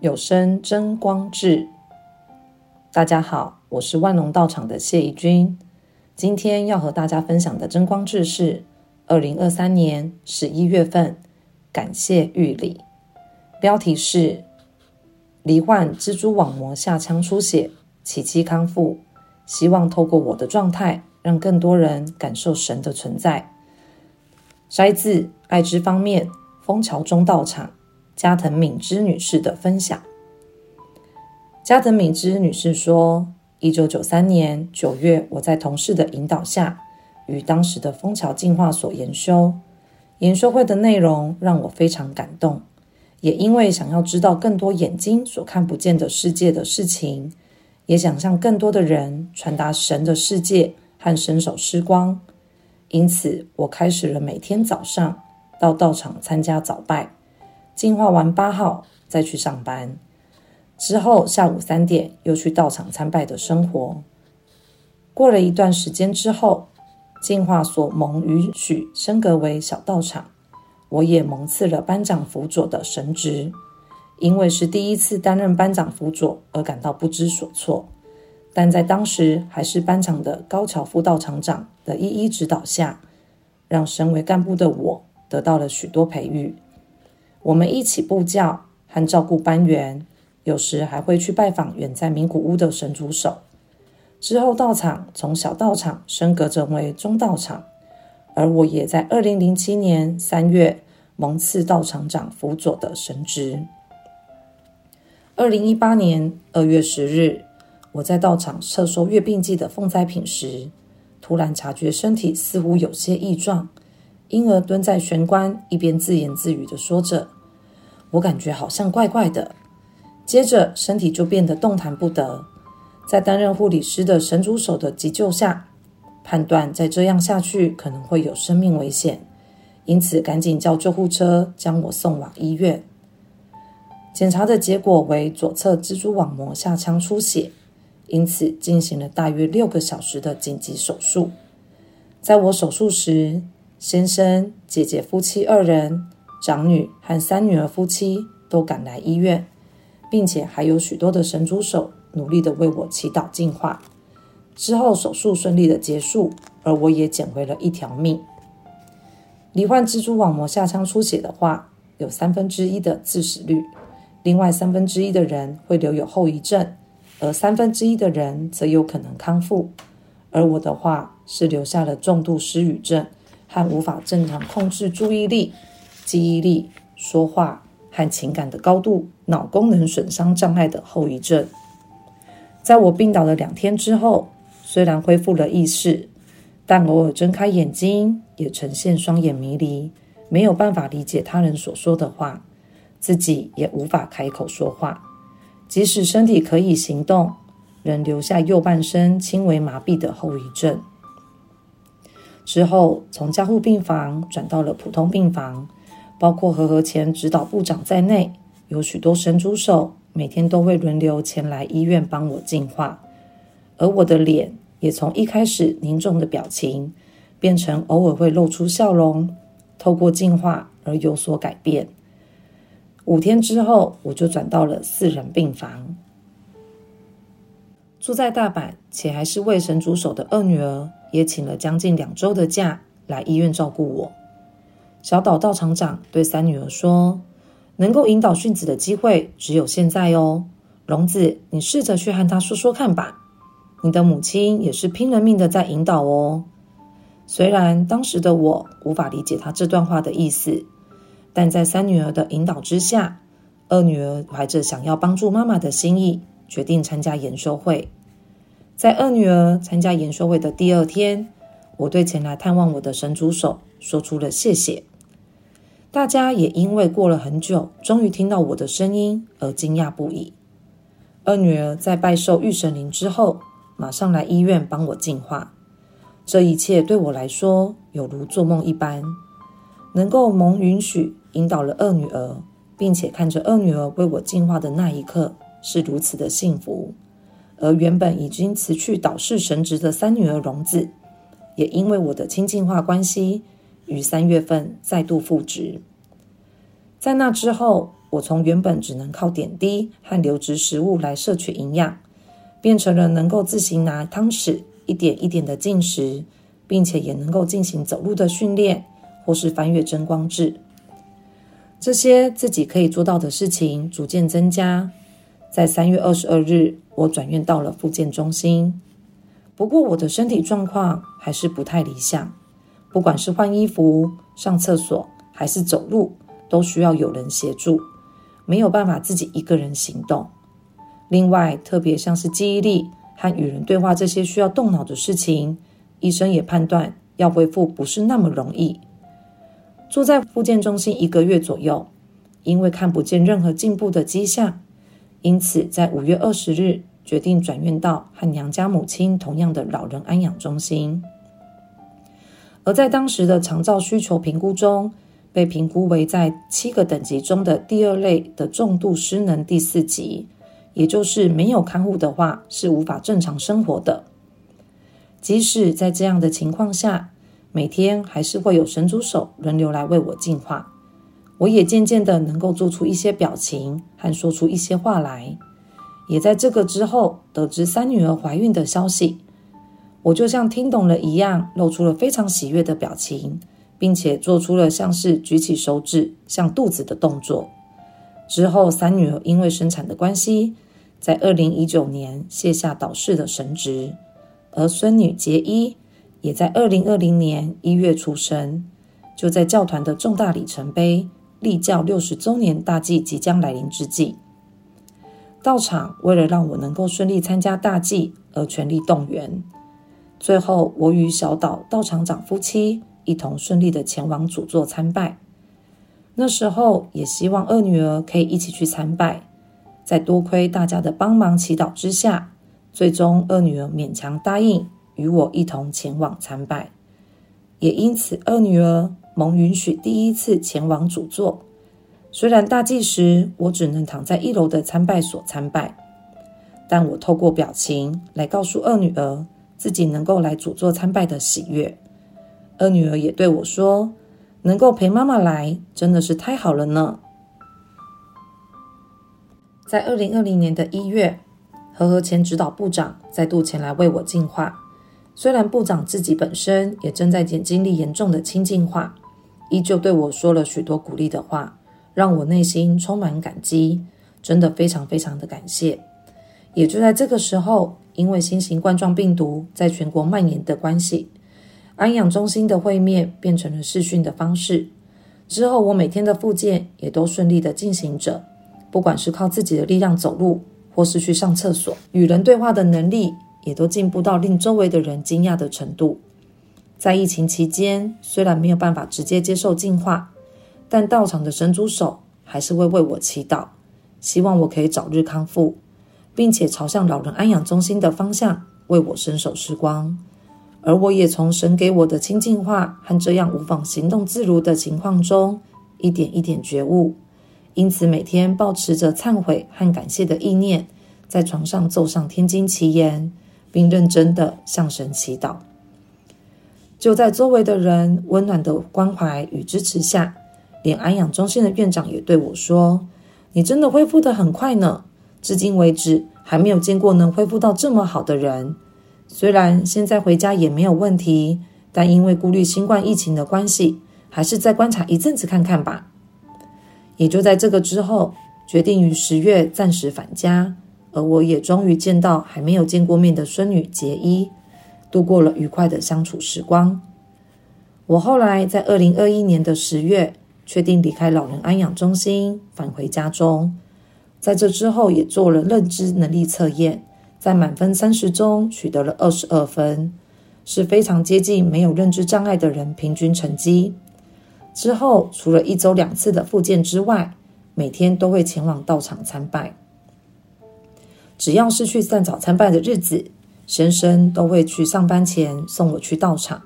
有聲真光誌，大家好，我是萬隆道場的謝宜君，今天要和大家分享的真光誌是二零二三年十一月份，感謝御禮。標題是：罹患蜘蛛網膜下腔出血，奇蹟康復。希望透過我的狀態，讓更多人感受神的存在。摘自愛知方面，豐橋中道場。加藤敏之女士的分享。加藤敏之女士說：“一九九三年九月，我在同事的引導下，與當時的楓橋進化所研修。研修會的內容讓我非常感動，也因為想要知道更多眼睛所看不見的世界的事情，也想向更多的人傳達神的世界和伸手施光，因此我開始了每天早上到道場參加早拜。”淨化完八號再去上班，之後下午三點又去道場參拜的生活。過了一段時間之後，淨化所蒙允許升格為小道場，我也蒙賜了班長輔佐的神職。因為是第一次擔任班長輔佐而感到不知所措，但在當時還是班長的高橋副道場長的一一指導下，讓身為幹部的我得到了許多培育。我們一起布教和照顧班員，有時還會去拜訪遠在名古屋的神主手。之後道場從小道場升格成為中道場，而我也在二零零七年三月蒙賜道場長輔佐的神職。二零一八年二月十日，我在道場撤收月並祭的奉齋品時，突然察覺身體似乎有些異狀，因而蹲在玄關，一邊自言自語地說着。我感覺好像怪怪的，接着身體就變得動彈不得。在擔任護理師的神組手的急救下，判斷再這樣下去可能會有生命危險，因此趕緊叫救護車將我送往醫院。檢查的結果為左側蜘蛛網膜下腔出血，因此進行了大約六個小時的緊急手術。在我手術時，先生、姐姐夫妻二人。長女和三女兒夫妻都趕來醫院，並且還有許多的神助手努力地為我祈禱淨化。之後手術順利地結束，而我也撿回了一條命。罹患蜘蛛網膜下腔出血的話，有三分之一的致死率，另外三分之一的人會留有後遺症，而三分之一的人則有可能康復。而我的話是留下了重度失語症和無法正常控制注意力、記憶力、說話和情感的高度腦功能損傷障礙的後遺症。在我病倒了兩天之後，雖然恢復了意識，但偶爾睜開眼睛也呈現雙眼迷離，沒有辦法理解他人所說的話，自己也無法開口說話。即使身體可以行動，仍留下右半身輕微麻痹的後遺症。之後從加護病房轉到了普通病房。包括和和前指導部長在內，有許多神組手每天都會輪流前來醫院幫我淨化，而我的臉也從一開始凝重的表情，變成偶爾會露出笑容，透過淨化而有所改變。五天之後，我就轉到了四人病房。住在大阪且還是位神組手的二女兒，也請了將近兩周的假來醫院照顧我。小島道場長對三女兒說：“能夠引導迅子的機會只有現在哦，榮子，你試着去和她說說看吧。你的母親也是拼了命的在引導哦。雖然當時的我無法理解她這段話的意思，但在三女兒的引導之下，二女兒懷着想要幫助媽媽的心意，決定參加研修會。在二女兒參加研修會的第二天。”我對前來探望我的神組手，說出了謝謝。大家也因為過了很久，終於聽到我的聲音而驚訝不已。二女兒在拜受御神靈之後，馬上來醫院幫我淨化。這一切對我來說有如做夢一般。能夠蒙允許引導了二女兒，並且看着二女兒為我淨化的那一刻，是如此的幸福。而原本已經辭去導士神職的三女兒榮子。也因為我的清淨化關係，於三月份再度復職。在那之後，我從原本只能靠點滴和流質食物來攝取營養，變成了能夠自行拿湯匙一點一點的進食，並且也能夠進行走路的訓練，或是翻閱真光誌。這些自己可以做到的事情逐漸增加。在三月二十二日，我轉院到了復健中心。.不過我的身體狀況還是不太理想，不管是換衣服、上廁所還是走路，都需要有人協助，沒有辦法自己一個人行動。另外，特別像是記憶力和與人對話這些需要動腦的事情，醫生也判斷要恢復不是那麼容易。住在復健中心一個月左右，因為看不見任何進步的跡象，因此在五月二十日，決定轉院到和娘家母親同樣的老人安養中心，而在當時的長照需求評估中，被評估為在七個等級中的第二類的重度失能第四級，也就是沒有看護的話是無法正常生活的。即使在這樣的情況下，每天還是會有神主手輪流來為我淨化，我也漸漸的能夠做出一些表情和說出一些話來。也在這個之後得知三女兒懷孕的消息，我就像聽懂了一樣，露出了非常喜悅的表情，並且做出了像是舉起手指像肚子的動作。之後，三女兒因為生產的關係，在二零一九年卸下導士的神職，而孫女杰伊也在二零二零年一月出生。就在教團的重大里程碑——立教六十周年大祭即將來臨之際。道場為了讓我能夠順利參加大祭而全力動員，最後我與小島道場長夫妻一同順利的前往主座參拜。那時候也希望二女兒可以一起去參拜，在多虧大家的幫忙祈禱之下，最終二女兒勉強答應與我一同前往參拜，也因此二女兒蒙允許第一次前往主座。雖然大祭時我只能躺在一樓的參拜所參拜，但我透過表情來告訴二女兒自己能夠來主座參拜的喜悅。二女兒也對我說：“能夠陪媽媽來，真的是太好了呢。”在二零二零年的一月，和和前指導部長再度前來為我淨化。雖然部長自己本身也正在經經歷嚴重的清淨化，依舊對我說了許多鼓勵的話。讓我內心充滿感激，真的非常非常的感謝。也就在這個時候，因為新型冠狀病毒在全國蔓延的關係，安養中心的會面變成了視訊的方式。之後，我每天的復健也都順利的進行着，不管是靠自己的力量走路，或是去上廁所，與人對話的能力也都進步到令周圍的人驚訝的程度。在疫情期間，雖然沒有辦法直接接受淨化。但道場的神組手還是會為我祈禱，希望我可以早日康復，並且朝向老人安養中心的方向為我伸手施光。而我也從神給我的清淨化和這樣無法行動自如的情況中一點一點覺悟，因此每天保持着懺悔和感謝的意念，在床上奏上天津祈言，並認真的向神祈禱。就在周圍的人溫暖的關懷與支持下。連安養中心的院長也對我說：“你真的恢復得很快呢！至今為止還沒有見過能恢復到這麼好的人。雖然現在回家也沒有問題，但因為顧慮新冠疫情的關係，還是再觀察一陣子看看吧。”也就在這個之後，決定於十月暫時返家，而我也終於見到還沒有見過面的孫女結衣，度過了愉快的相處時光。我後來在二零二一年的十月。確定離開老人安養中心，返回家中。在這之後，也做了認知能力測驗，在滿分三十中取得了二十二分，是非常接近沒有認知障礙的人平均成績。之後，除了一周兩次的復健之外，每天都會前往道場參拜。只要是去散早參拜的日子，先生都會去上班前送我去道場。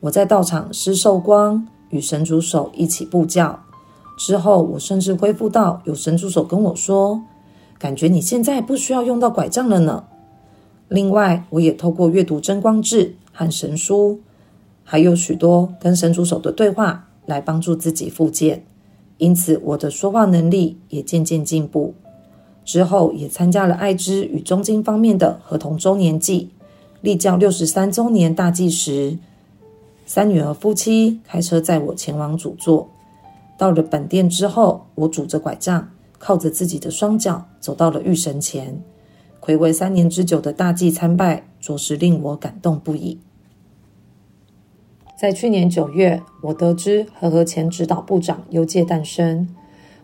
我在道場施手光。與神主手一起布教之後，我甚至恢復到有神主手跟我說：“感覺你現在不需要用到拐杖了呢。”另外，我也透過閱讀《真光志》和神書，還有許多跟神主手的對話，來幫助自己復健。因此，我的說話能力也漸漸進步。之後，也參加了愛知與中京方面的合同周年祭、立教六十三周年大祭時。三女兒夫妻開車載我前往主座。到了本殿之後，我拄着拐杖，靠着自己的雙腳走到了御神前。暌違三年之久的大祭參拜，着實令我感動不已。在去年九月，我得知和和前指導部長優介誕生。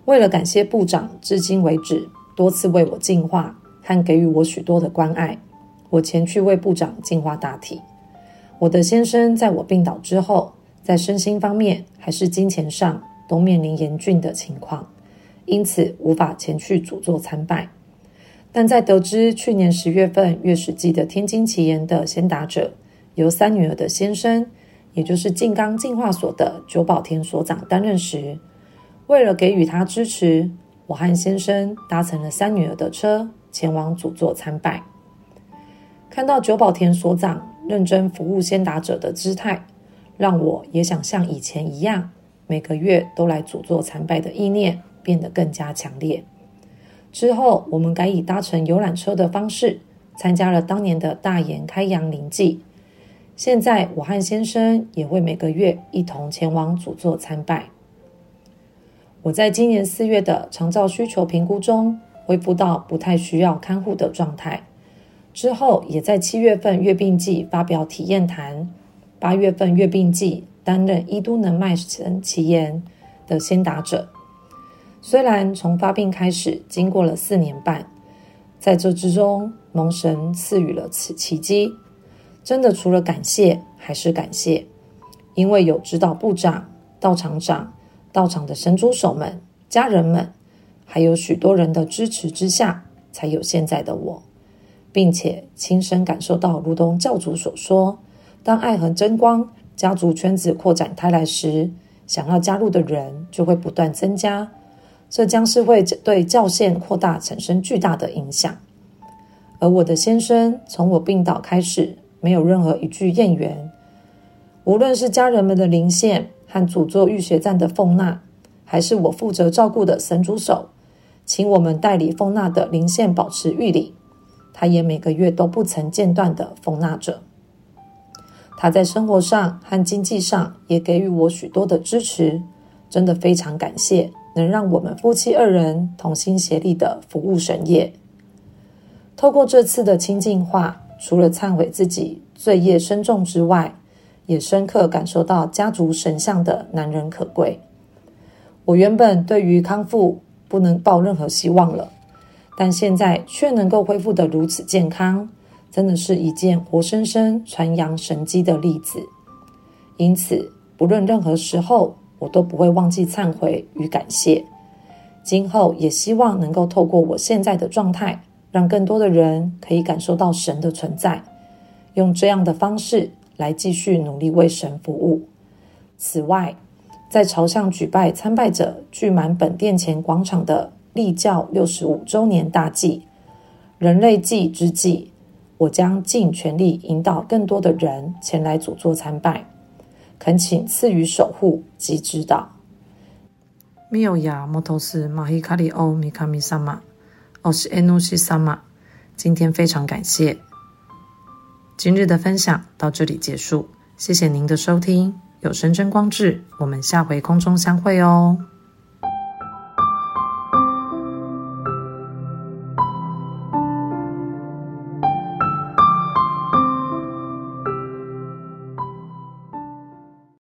為了感謝部長至今為止多次為我淨化，和給予我許多的關愛，我前去為部長淨化大體。我的先生在我病倒之後，在身心方面還是金錢上都面臨嚴峻的情況，因此無法前去主座參拜。但在得知去年十月份月次祭的天津祈言的先達者由三女兒的先生，也就是靜岡進化所的久保田所長擔任時，為了給予他支持，我和先生搭乘了三女兒的車前往主座參拜。看到久保田所長，認真服務先達者的姿態，讓我也想像以前一樣，每個月都來主座參拜的意念變得更加強烈。之後，我們改以搭乘遊覽車的方式，參加了當年的大岩開陽靈祭。現在，我和先生也會每個月一同前往主座參拜。我在今年四月的長照需求評估中，恢復到不太需要看護的狀態。之後，也在七月份月並祭發表體驗談，八月份月並祭擔任伊都能邁神祈言的先達者。雖然從發病開始經過了四年半，在這之中，蒙神賜予了此奇蹟，真的除了感謝還是感謝，因為有指導部長、道場長、道場的神組手們、家人們，還有許多人的支持之下，才有現在的我。並且親身感受到，如同教主所說，當愛和真光家族圈子擴展開來時，想要加入的人就會不斷增加，這將是會對教線擴大產生巨大的影響。而我的先生從我病倒開始，沒有任何一句怨言。無論是家人們的靈線和主座預血站的奉納，還是我負責照顧的神主手，請我們代理奉納的靈線保持御禮。他也每個月都不曾間斷地奉納着。他在生活上和經濟上也給予我許多的支持，真的非常感謝，能讓我們夫妻二人同心協力地服務神業。透過這次的清淨化，除了懺悔自己罪業深重之外，也深刻感受到家族神像的難能可貴。我原本對於康復不能抱任何希望了。但現在卻能夠恢復得如此健康，真的是一件活生生傳揚神蹟的例子。因此，不論任何時候，我都不會忘記懺悔與感謝。今後也希望能夠透過我現在的狀態，讓更多的人可以感受到神的存在，用這樣的方式來繼續努力為神服務。此外，在朝向舉辦參拜者聚滿本殿前廣場的。立教六十五周年大祭、人類祭之際，我將盡全力引導更多的人前來主座參拜，懇請賜予守護及指導。妙雅摩頭師馬希卡里歐米卡米薩瑪，奧西恩努西薩瑪，今天非常感謝。今日的分享到這裡結束，謝謝您的收聽。有神真光誌，我們下回空中相會哦。